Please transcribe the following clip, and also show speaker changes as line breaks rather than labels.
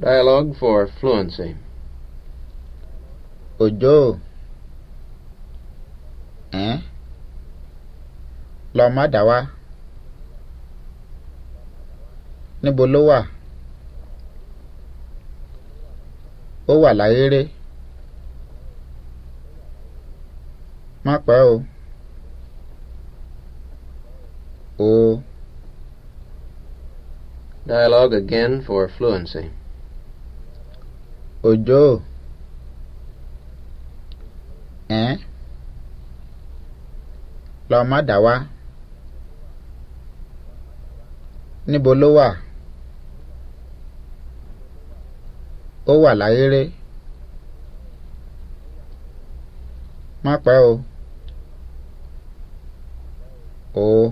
Dialogue for fluency. Òjó. Eh. Loma dawa. dá wá. Níbo ló wà? o. O.
Dialogue again for fluency.
òjò ẹ̀ẹ́n lọ má dá wá níbo ló wà ó wà láyéré má pẹ́ o. Oh.